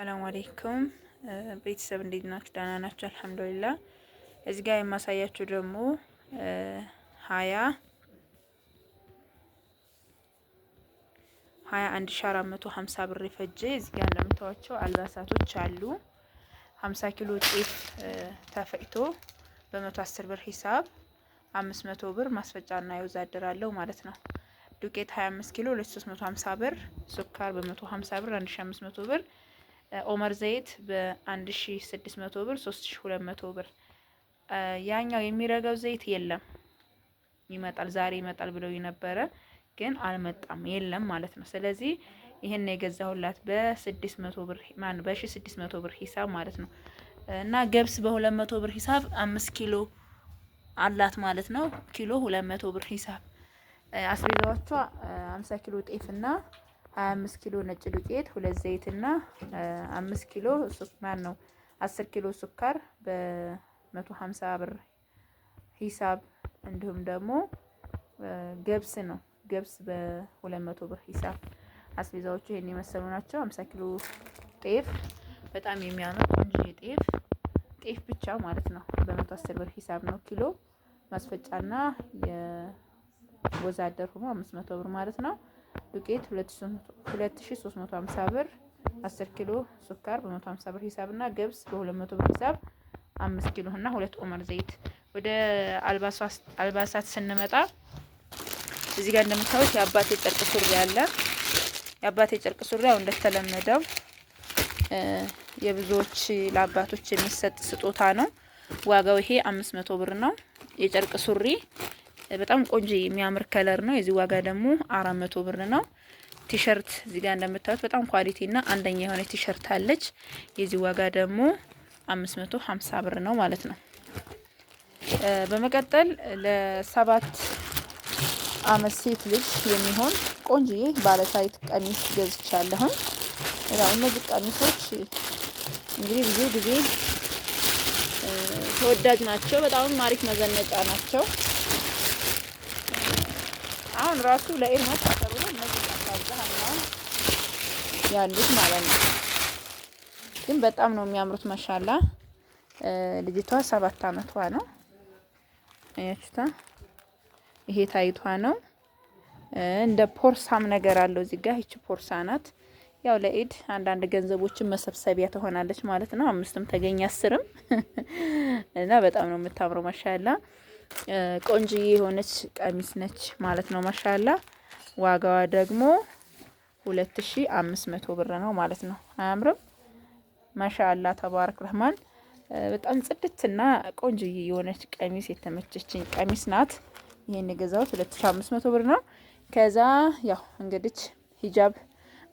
ሰላም አሌይኩም ቤተሰብ እንዴት ናችሁ? ደህና ናችሁ? አልሐምዱሊላ። እዚህ ጋር የማሳያችሁ ደግሞ ሀያ ሀያ አንድ ሺ አራት መቶ ሀምሳ ብር ፈጀ። እዚህ ጋር እንደምታዋቸው አልባሳቶች አሉ። ሀምሳ ኪሎ ጤፍ ተፈጭቶ በመቶ አስር ብር ሂሳብ አምስት መቶ ብር ማስፈጫና የወዛደር አለው ማለት ነው። ዱቄት ሀያ አምስት ኪሎ ለሶስት መቶ ሀምሳ ብር። ሱካር በመቶ ሀምሳ ብር አንድ ሺ አምስት መቶ ብር ኦመር ዘይት በ1600 ብር 3200 ብር። ያኛው የሚረገው ዘይት የለም ይመጣል፣ ዛሬ ይመጣል ብለው የነበረ ግን አልመጣም፣ የለም ማለት ነው። ስለዚህ ይህን የገዛሁላት በ600 ብር ማን በ1600 ብር ሂሳብ ማለት ነው። እና ገብስ በ200 ብር ሂሳብ 5 ኪሎ አላት ማለት ነው። ኪሎ 200 ብር ሂሳብ አስቤዛዎቿ 50 ኪሎ ጤፍና 25 ኪሎ ነጭ ዱቄት፣ ሁለት ዘይትና 5 ኪሎ ሱካር ነው 10 ኪሎ ሱካር በ150 ብር ሂሳብ እንዲሁም ደግሞ ገብስ ነው ገብስ በ200 ብር ሂሳብ። አስቤዛዎቹ ይሄን የመሰሉ ናቸው። 50 ኪሎ ጤፍ በጣም የሚያምር ቆንጆ ጤፍ ጤፍ ብቻ ማለት ነው በ110 ብር ሂሳብ ነው ኪሎ ማስፈጫና የወዛደር ሆኖ 500 ብር ማለት ነው። ዱቄት 2350 ብር፣ 10 ኪሎ ስኳር በ150 ብር ሂሳብና ገብስ በ200 ብር ሂሳብ 5 ኪሎ እና 2 ኦመር ዘይት። ወደ አልባሳት ስንመጣ እዚህ ጋር እንደምታዩት የአባቴ ጨርቅ ሱሪ አለ። የአባቴ ጨርቅ ሱሪ ያው እንደተለመደው የብዙዎች ለአባቶች የሚሰጥ ስጦታ ነው። ዋጋው ይሄ 500 ብር ነው። የጨርቅ ሱሪ በጣም ቆንጆ የሚያምር ከለር ነው። የዚህ ዋጋ ደግሞ አራት መቶ ብር ነው። ቲሸርት እዚህ ጋር እንደምታዩት በጣም ኳሊቲ እና አንደኛ የሆነ ቲሸርት አለች። የዚህ ዋጋ ደግሞ አምስት መቶ ሀምሳ ብር ነው ማለት ነው። በመቀጠል ለሰባት አመት ሴት ልጅ የሚሆን ቆንጆዬ ባለሳይት ቀሚስ ገዝቻለሁኝ። ያው እነዚህ ቀሚሶች እንግዲህ ብዙ ጊዜ ተወዳጅ ናቸው። በጣም አሪፍ መዘነጫ ናቸው። አሁን ራሱ ለኤድ መሳሰሉ እነዚህ አብዛኛውን ያሉት ማለት ነው። ግን በጣም ነው የሚያምሩት። ማሻላ ልጅቷ ሰባት አመቷ ነው። አያችሁታ ይሄ ታይቷ ነው። እንደ ፖርሳም ነገር አለው እዚህ ጋር ይቺ ፖርሳ ናት። ያው ለኢድ አንዳንድ ገንዘቦችን መሰብሰቢያ ትሆናለች ማለት ነው። አምስትም ተገኝ አስርም እና በጣም ነው የምታምረው ማሻላ ቆንጅዬ የሆነች ቀሚስ ነች ማለት ነው። ማሻላ ዋጋዋ ደግሞ ሁለት ሺ አምስት መቶ ብር ነው ማለት ነው። አያምርም? ማሻላ ተባረክ ረህማን በጣም ጽድትና ቆንጅዬ የሆነች ቀሚስ የተመቸችኝ ቀሚስ ናት። ይሄን የገዛሁት 2500 ብር ነው። ከዛ ያው እንግዲህ ሂጃብ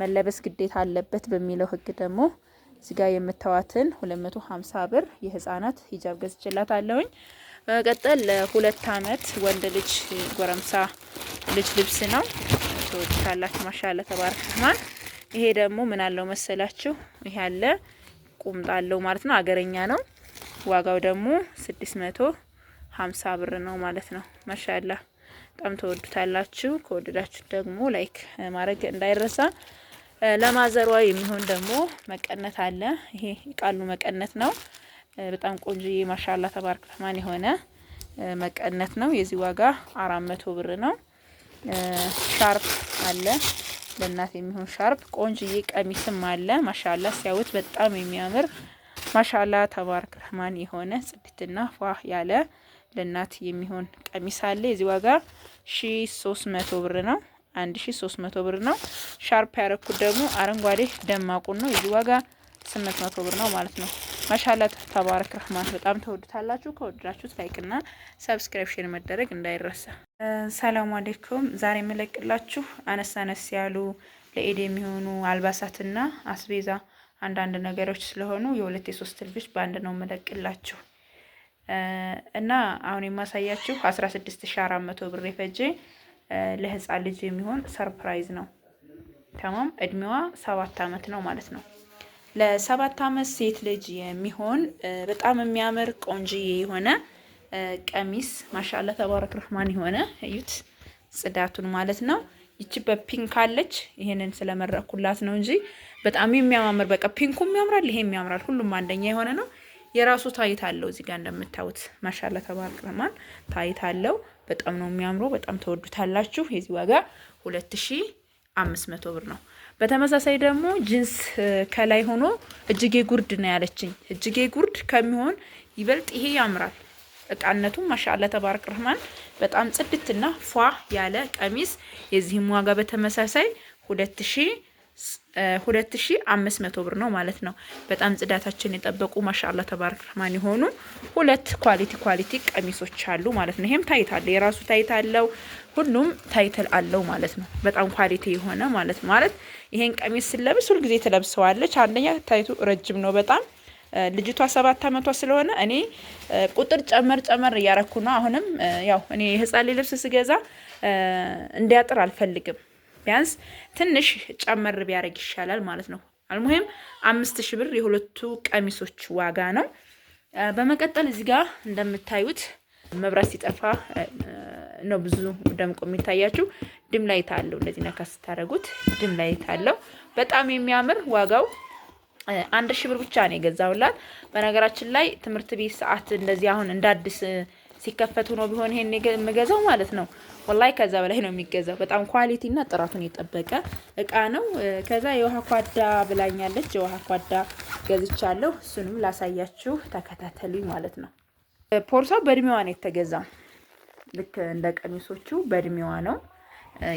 መለበስ ግዴታ አለበት በሚለው ህግ ደግሞ እዚጋ የምታዋትን 250 ብር የህፃናት ሂጃብ ገዝችላት አለሁኝ። በመቀጠል ለሁለት አመት ወንድ ልጅ ጎረምሳ ልጅ ልብስ ነው። ትወዱታላችሁ። ማሻአላ ተባረክ ረህማን። ይሄ ደግሞ ምን አለው መሰላችሁ? ይሄ አለ ቁምጣ አለው ማለት ነው። አገረኛ ነው። ዋጋው ደግሞ ስድስት መቶ ሀምሳ ብር ነው ማለት ነው። ማሻአላ በጣም ተወዱታላችሁ። ከወደዳችሁ ደግሞ ላይክ ማድረግ እንዳይረሳ። ለማዘሯ የሚሆን ደግሞ መቀነት አለ። ይሄ የቃሉ መቀነት ነው። በጣም ቆንጆ ማሻላ ተባርክ ተማን የሆነ መቀነት ነው። የዚህ ዋጋ አራት መቶ ብር ነው። ሻርፕ አለ ለእናት የሚሆን ሻርፕ ቆንጅዬ ቀሚስም አለ። ማሻላ ሲያዩት በጣም የሚያምር ማሻላ ተባርክ ተማን የሆነ ጽድትና ፏ ያለ ለእናት የሚሆን ቀሚስ አለ። የዚህ ዋጋ ሺ ሶስት መቶ ብር ነው። አንድ ሺ ሶስት መቶ ብር ነው። ሻርፕ ያረኩት ደግሞ አረንጓዴ ደማቁን ነው። የዚህ ዋጋ ስምንት መቶ ብር ነው ማለት ነው። ማሻላ ተባረክ ረህማን በጣም ተወዱታላችሁ። ከወደዳችሁት እና ሰብስክሪፕሽን መደረግ እንዳይረሳ። ሰላም አሌይኩም። ዛሬ የምለቅላችሁ አነስ አነስ ያሉ ለኢድ የሚሆኑ አልባሳትና አስቤዛ አንዳንድ ነገሮች ስለሆኑ የሁለት የሶስት ልጆች በአንድ ነው የምለቅላችሁ እና አሁን የማሳያችሁ አስራ ስድስት ሺ አራት መቶ ብር የፈጀ ለህፃን ልጅ የሚሆን ሰርፕራይዝ ነው። ተማም እድሜዋ ሰባት አመት ነው ማለት ነው። ለሰባት አመት ሴት ልጅ የሚሆን በጣም የሚያምር ቆንጅዬ የሆነ ቀሚስ ማሻላ ተባረክ ረህማን የሆነ እዩት፣ ጽዳቱን ማለት ነው። ይቺ በፒንክ አለች። ይሄንን ስለመረኩላት ነው እንጂ በጣም የሚያማምር በቃ ፒንኩም ያምራል፣ ይሄም ያምራል። ሁሉም አንደኛ የሆነ ነው። የራሱ ታይት አለው እዚህ ጋር እንደምታዩት ማሻላ ተባረክ ረህማን ታይት አለው። በጣም ነው የሚያምረው። በጣም ተወዱታላችሁ። የዚህ ዋጋ ሁለት ሺ አምስት መቶ ብር ነው። በተመሳሳይ ደግሞ ጅንስ ከላይ ሆኖ እጅጌ ጉርድ ነው ያለችኝ። እጅጌ ጉርድ ከሚሆን ይበልጥ ይሄ ያምራል። እቃነቱም ማሻአላ ተባረክ ረህማን በጣም ጽድትና ፏ ያለ ቀሚስ የዚህም ዋጋ በተመሳሳይ ሁለት ሺህ ሁለት ሺ አምስት መቶ ብር ነው ማለት ነው። በጣም ጽዳታችን የጠበቁ ማሻላ ተባረክ ረህማን የሆኑ ሁለት ኳሊቲ ኳሊቲ ቀሚሶች አሉ ማለት ነው። ይሄም ታይት አለ የራሱ ታይት አለው፣ ሁሉም ታይትል አለው ማለት ነው። በጣም ኳሊቲ የሆነ ማለት ማለት ይሄን ቀሚስ ስለብስ ሁልጊዜ ትለብሰዋለች። አንደኛ ታይቱ ረጅም ነው በጣም ልጅቷ ሰባት አመቷ ስለሆነ እኔ ቁጥር ጨመር ጨመር እያረኩ ነው። አሁንም ያው እኔ የህፃን ልብስ ስገዛ እንዲያጥር አልፈልግም ቢያንስ ትንሽ ጨመር ቢያደርግ ይሻላል ማለት ነው። አልሙሄም አምስት ሺህ ብር የሁለቱ ቀሚሶች ዋጋ ነው። በመቀጠል እዚህ ጋር እንደምታዩት መብራት ሲጠፋ ነው ብዙ ደምቆ የሚታያችሁ። ድም ላይት አለው። እንደዚህ ነካ ስታደርጉት ድም ላይት አለው። በጣም የሚያምር ዋጋው አንድ ሺህ ብር ብቻ ነው የገዛሁላት። በነገራችን ላይ ትምህርት ቤት ሰዓት እንደዚህ አሁን እንደ አዲስ ሲከፈት ሆኖ ቢሆን ይሄን የምገዛው ማለት ነው ወላይ ከዛ በላይ ነው የሚገዛው። በጣም ኳሊቲ እና ጥራቱን የጠበቀ እቃ ነው። ከዛ የውሃ ኳዳ ብላኛለች። የውሃ ኳዳ ገዝቻለሁ። እሱንም ላሳያችሁ ተከታተሉኝ ማለት ነው። ፖርሳው በእድሜዋ ነው የተገዛው። ልክ እንደ ቀሚሶቹ በእድሜዋ ነው።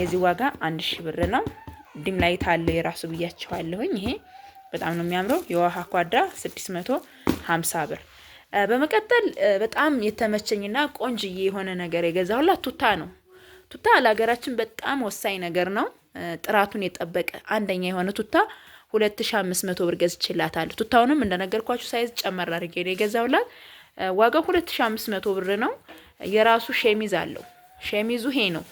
የዚህ ዋጋ አንድ ሺህ ብር ነው። ድም ላይ ታለው የራሱ ብያችኋለሁኝ። ይሄ በጣም ነው የሚያምረው። የውሃ ኳዳ ስድስት መቶ ሀምሳ ብር በመቀጠል በጣም የተመቸኝና ቆንጅዬ የሆነ ነገር የገዛሁላት ቱታ ነው። ቱታ ለሀገራችን በጣም ወሳኝ ነገር ነው። ጥራቱን የጠበቀ አንደኛ የሆነ ቱታ 2500 ብር ገዝቼላታለሁ። ቱታውንም እንደነገርኳችሁ ሳይዝ ጨመር አድርጌ ነው የገዛውላት። ዋጋው 2500 ብር ነው። የራሱ ሸሚዝ አለው። ሸሚዙ ሄ ነው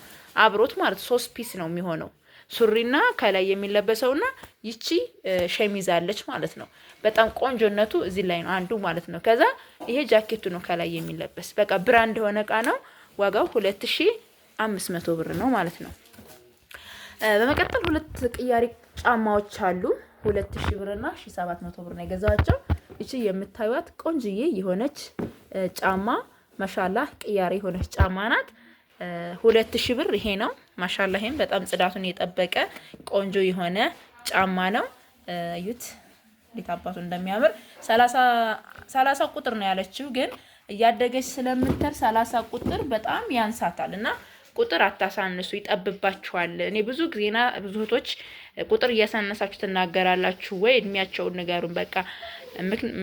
አብሮት ማለት ሶስት ፒስ ነው የሚሆነው ሱሪና ከላይ የሚለበሰውና ይቺ ሸሚዝ አለች ማለት ነው። በጣም ቆንጆነቱ እዚህ ላይ ነው አንዱ ማለት ነው። ከዛ ይሄ ጃኬቱ ነው ከላይ የሚለበስ በቃ ብራንድ የሆነ እቃ ነው። ዋጋው ሁለት ሺህ አምስት መቶ ብር ነው ማለት ነው። በመቀጠል ሁለት ቅያሪ ጫማዎች አሉ። ሁለት ሺ ብርና ሺ ሰባት መቶ ብር ነው የገዛቸው። ይቺ የምታዩት ቆንጅዬ የሆነች ጫማ ማሻላ ቅያሪ የሆነች ጫማ ናት። ሁለት ሺ ብር ይሄ ነው ማሻላ። ይሄም በጣም ጽዳቱን የጠበቀ ቆንጆ የሆነ ጫማ ነው። እዩት እንዴት አባቱ እንደሚያምር። ሰላሳ ቁጥር ነው ያለችው ግን እያደገች ስለምትል ሰላሳ ቁጥር በጣም ያንሳታል እና ቁጥር አታሳንሱ፣ ይጠብባችኋል። እኔ ብዙ ጊዜና ብዙ እህቶች ቁጥር እያሳነሳችሁ ትናገራላችሁ ወይ እድሜያቸውን ንገሩን። በቃ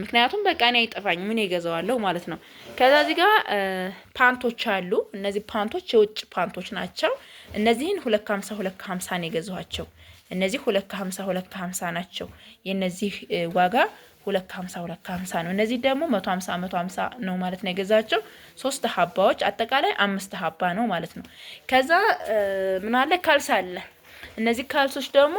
ምክንያቱም በቃ እኔ አይጠፋኝ ምን ይገዛዋለሁ ማለት ነው። ከዛ እዚህ ጋር ፓንቶች አሉ። እነዚህ ፓንቶች የውጭ ፓንቶች ናቸው። እነዚህን ሁለት ከሀምሳ ሁለት ከሀምሳ ነው የገዛኋቸው። እነዚህ ሁለት ከሀምሳ ሁለት ከሀምሳ ናቸው። የእነዚህ ዋጋ ሁለት ከሀምሳ ሁለት ከሀምሳ ነው። እነዚህ ደግሞ መቶ ሀምሳ መቶ ሀምሳ ነው ማለት ነው የገዛቸው ሶስት ሀባዎች አጠቃላይ አምስት ሀባ ነው ማለት ነው። ከዛ ምን አለ ካልስ አለ። እነዚህ ካልሶች ደግሞ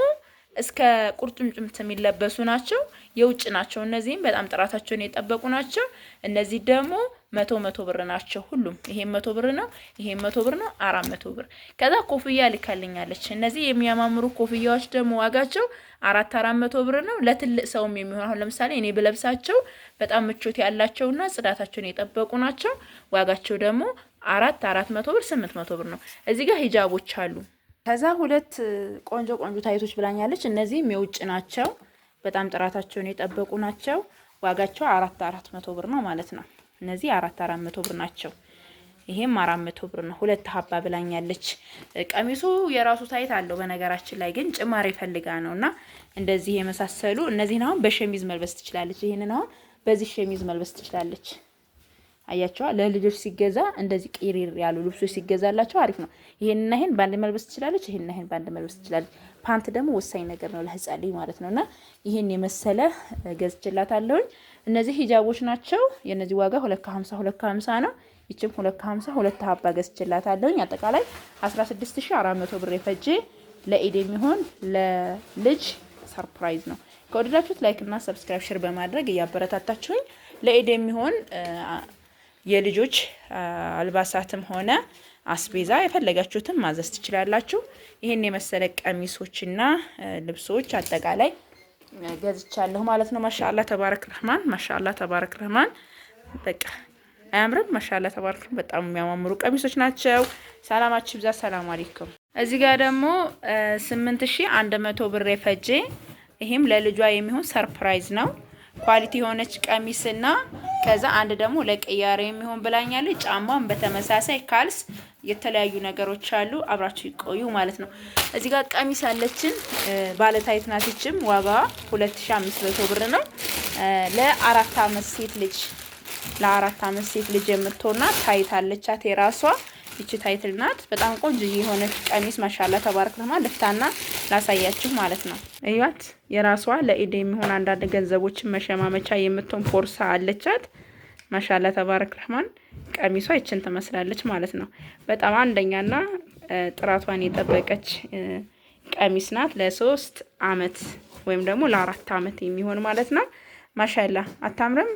እስከ ቁርጭምጭምት የሚለበሱ ናቸው። የውጭ ናቸው። እነዚህም በጣም ጥራታቸውን የጠበቁ ናቸው። እነዚህ ደግሞ መቶ መቶ ብር ናቸው ሁሉም። ይሄም መቶ ብር ነው፣ ይሄም መቶ ብር ነው፣ አራት መቶ ብር። ከዛ ኮፍያ ልካልኛለች። እነዚህ የሚያማምሩ ኮፍያዎች ደግሞ ዋጋቸው አራት አራት መቶ ብር ነው። ለትልቅ ሰውም የሚሆን አሁን ለምሳሌ እኔ ብለብሳቸው በጣም ምቾት ያላቸውና ጽዳታቸውን የጠበቁ ናቸው። ዋጋቸው ደግሞ አራት አራት መቶ ብር ስምንት መቶ ብር ነው። እዚህ ጋር ሂጃቦች አሉ። ከዛ ሁለት ቆንጆ ቆንጆ ታይቶች ብላኛለች። እነዚህም የውጭ ናቸው። በጣም ጥራታቸውን የጠበቁ ናቸው። ዋጋቸው አራት አራት መቶ ብር ነው ማለት ነው። እነዚህ አራት አራት መቶ ብር ናቸው። ይሄም አራት መቶ ብር ነው። ሁለት ሀባ ብላኛለች። ቀሚሱ የራሱ ታይት አለው በነገራችን ላይ ግን ጭማሪ ፈልጋ ነው እና እንደዚህ የመሳሰሉ እነዚህን አሁን በሸሚዝ መልበስ ትችላለች። ይህንን አሁን በዚህ ሸሚዝ መልበስ ትችላለች። አያቸዋ ለልጆች ሲገዛ እንደዚህ ቅሪር ያሉ ልብሶች ሲገዛላቸው አሪፍ ነው። ይሄንና ይሄን ባንድ መልበስ ትችላለች። ይሄንና ይሄን ባንድ መልበስ ትችላለች። ፓንት ደግሞ ወሳኝ ነገር ነው ለህፃን ልጅ ማለት ነው። እና ይህን የመሰለ አለውኝ። እነዚህ ሂጃቦች ናቸው። የእነዚህ ዋጋ ሁለት ከሀምሳ ሁለት ከሀምሳ ነው። ይችም ሁለት ከሀምሳ ሁለት ሀባ አለውኝ። አጠቃላይ መቶ ብር የፈጀ ለኢድ የሚሆን ለልጅ ሰርፕራይዝ ነው። ከወደዳችሁት ላይክ እና ሰብስክራይብ ሽር በማድረግ እያበረታታችሁኝ ለኢድ የሚሆን የልጆች አልባሳትም ሆነ አስቤዛ የፈለጋችሁትን ማዘዝ ትችላላችሁ። ይህን የመሰለ ቀሚሶችና ልብሶች አጠቃላይ ገዝቻለሁ ማለት ነው። ማሻላ ተባረክ ረህማን፣ ማሻላ ተባረክ ረህማን። በቃ አያምርም? ማሻላ ተባረክ። በጣም የሚያማምሩ ቀሚሶች ናቸው። ሰላማችሁ ብዛ። ሰላም አለይኩም። እዚህ ጋር ደግሞ ስምንት ሺ አንድ መቶ ብር የፈጀ ይህም ለልጇ የሚሆን ሰርፕራይዝ ነው። ኳሊቲ የሆነች ቀሚስና ከዛ አንድ ደግሞ ለቅያሬ የሚሆን ብላኛለች። ጫማም በተመሳሳይ ካልስ የተለያዩ ነገሮች አሉ። አብራችሁ ይቆዩ ማለት ነው። እዚህ ጋር ቀሚስ አለችን ባለታይት ናትችም ዋጋ 2500 ብር ነው። ለአራት አመት ሴት ልጅ ለአራት አመት ሴት ልጅ የምትሆና ታይት አለቻት የራሷ ይቺ ታይትል ናት። በጣም ቆንጆ የሆነች ቀሚስ ማሻላ ተባረክ ለማ ልፍታና ላሳያችሁ ማለት ነው። እያት የራሷ ለኢድ የሚሆን አንዳንድ ገንዘቦችን መሸማመቻ የምትሆን ፖርሳ አለቻት። ማሻላ ተባረክ ረህማን ቀሚሷ ይችን ትመስላለች ማለት ነው። በጣም አንደኛና ጥራቷን የጠበቀች ቀሚስ ናት። ለሶስት አመት ወይም ደግሞ ለአራት አመት የሚሆን ማለት ነው። ማሻላ አታምርም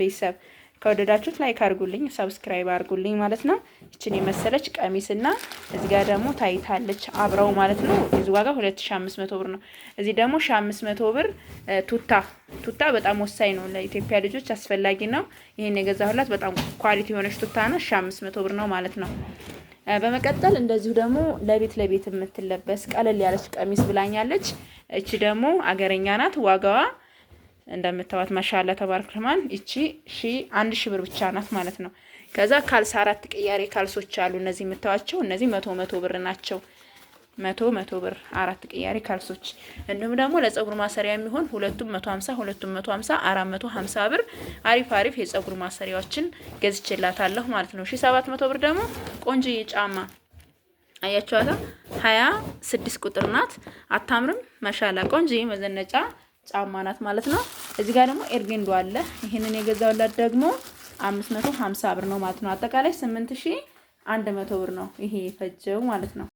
ቤተሰብ ከወደዳችሁት ላይክ አድርጉልኝ፣ ሰብስክራይብ አድርጉልኝ ማለት ነው። ይችን የመሰለች ቀሚስና እዚህ ጋር ደግሞ ታይታለች አብረው ማለት ነው። እዚህ ዋጋ 2500 ብር ነው። እዚህ ደግሞ 1500 ብር ቱታ ቱታ በጣም ወሳኝ ነው ለኢትዮጵያ ልጆች አስፈላጊ ነው። ይሄን የገዛሁላት በጣም ኳሊቲ የሆነች ቱታ ነው። 1500 ብር ነው ማለት ነው። በመቀጠል እንደዚሁ ደግሞ ለቤት ለቤት የምትለበስ ቀለል ያለች ቀሚስ ብላኛለች። እቺ ደግሞ አገረኛ ናት ዋጋዋ እንደምታዋት ማሻላ ተባረክ እቺ ሺ አንድ ሺ ብር ብቻ ናት ማለት ነው። ከዛ ካልስ አራት ቅያሬ ካልሶች አሉ እነዚህ የምታዋቸው እነዚህ መቶ መቶ ብር ናቸው። መቶ መቶ ብር አራት ቅያሬ ካልሶች እንዲሁም ደግሞ ለጸጉር ማሰሪያ የሚሆን ሁለቱም መቶ ሀምሳ ሁለቱም መቶ ሀምሳ አራት መቶ ሀምሳ ብር አሪፍ አሪፍ የጸጉር ማሰሪያዎችን ገዝቼላታለሁ ማለት ነው። ሺ ሰባት መቶ ብር ደግሞ ቆንጆ የጫማ አያቸዋታ ሀያ ስድስት ቁጥር ናት። አታምርም? መሻላ ቆንጆ መዘነጫ ጫማ ናት ማለት ነው። እዚህ ጋር ደግሞ ኤርጌንዶ አለ። ይህንን የገዛውላት ደግሞ 550 ብር ነው ማለት ነው። አጠቃላይ 8100 ብር ነው ይሄ የፈጀው ማለት ነው።